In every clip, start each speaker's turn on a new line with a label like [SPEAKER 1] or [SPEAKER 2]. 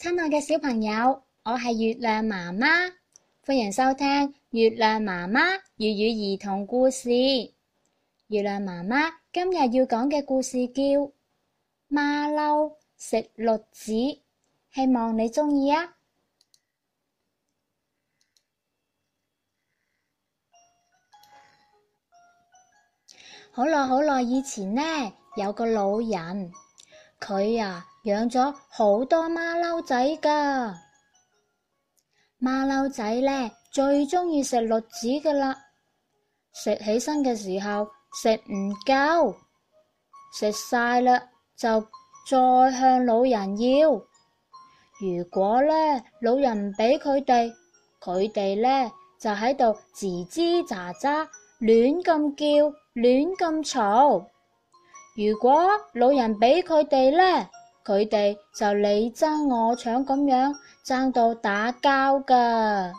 [SPEAKER 1] 親愛嘅小朋友，我係月亮媽媽，歡迎收聽月亮媽媽粵語兒童故事。月亮媽媽今日要講嘅故事叫馬騮食栗子，希望你鍾意啊！好耐好耐以前呢，有個老人。佢呀養咗好多馬騮仔噶，馬騮仔呢，最鍾意食栗子噶啦，食起身嘅時候食唔夠，食晒啦就再向老人要。如果呢，老人唔俾佢哋，佢哋呢，就喺度吱吱喳喳，亂咁叫，亂咁嘈。如果老人俾佢哋呢，佢哋就你爭我搶咁樣爭到打交噶。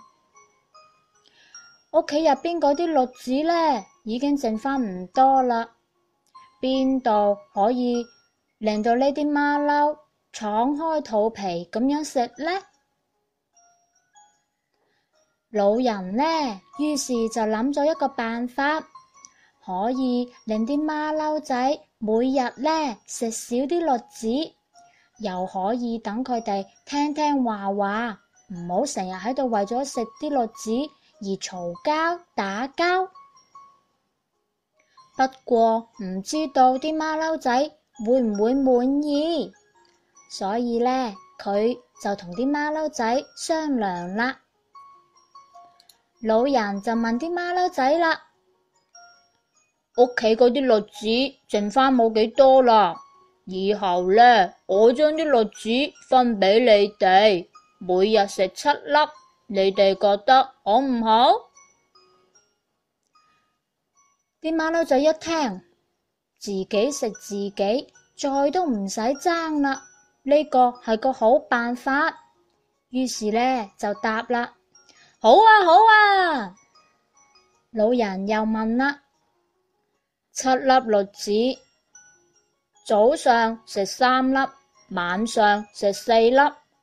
[SPEAKER 1] 屋企入邊嗰啲栗子呢，已經剩翻唔多啦，邊度可以令到呢啲馬騮敞開肚皮咁樣食呢？老人呢，於是就諗咗一個辦法，可以令啲馬騮仔。每日呢，食少啲栗子，又可以等佢哋聽聽話話，唔好成日喺度為咗食啲栗子而嘈交、打交。 不過唔知道啲馬騮仔會唔會滿意，所以呢，佢就同啲馬騮仔商量啦。老人就問啲馬騮仔啦。屋企嗰啲栗子剩翻冇幾多啦，以後呢，我將啲栗子分俾你哋，每日食七粒，你哋覺得好唔好？啲馬騮仔一聽自己食自己，再都唔使爭啦，呢個係個好辦法。於是呢就答啦：好啊，好啊。老人又問啦。七粒栗子，早上食三粒，晚上食四粒，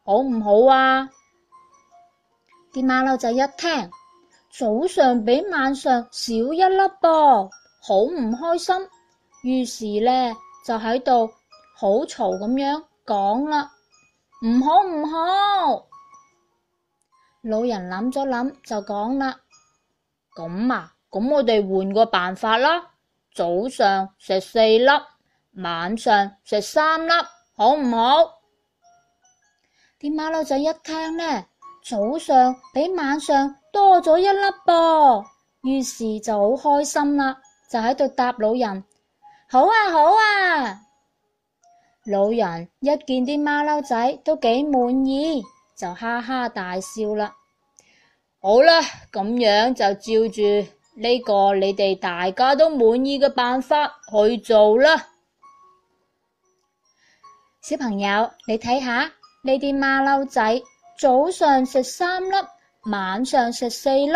[SPEAKER 1] 好唔好啊？啲馬騮仔一聽，早上比晚上少一粒噃，好唔開心。於是呢，就喺度好嘈咁樣講啦，唔好唔好。老人諗咗諗，就講啦：咁啊，咁我哋換個辦法啦。早上食四粒，晚上食三粒，好唔好？啲馬騮仔一聽呢，早上比晚上多咗一粒噃，於是就好開心啦，就喺度答老人：「好啊，好啊！老人一見啲馬騮仔都幾滿意，就哈哈大笑啦。好啦，咁樣就照住。呢個你哋大家都滿意嘅辦法去做啦。小朋友，你睇下，你啲馬騮仔早上食三粒，晚上食四粒，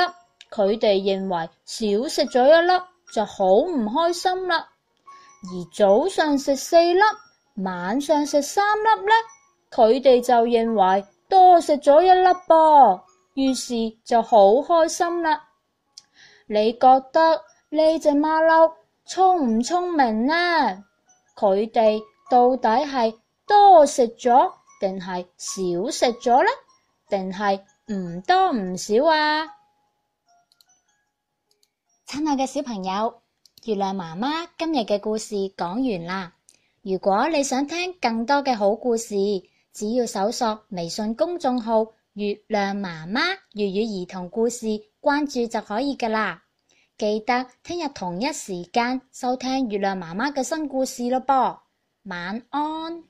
[SPEAKER 1] 佢哋認為少食咗一粒就好唔開心啦。而早上食四粒，晚上食三粒呢，佢哋就認為多食咗一粒噃，於是就好開心啦。你覺得呢隻馬騮聰唔聰明啊呢？佢哋到底係多食咗定係少食咗呢？定係唔多唔少啊？親愛嘅小朋友，月亮媽媽今日嘅故事講完啦。如果你想聽更多嘅好故事，只要搜索微信公眾號。月亮媽媽粵語兒童故事，關注就可以噶啦。記得聽日同一時間收聽月亮媽媽嘅新故事咯噃。晚安。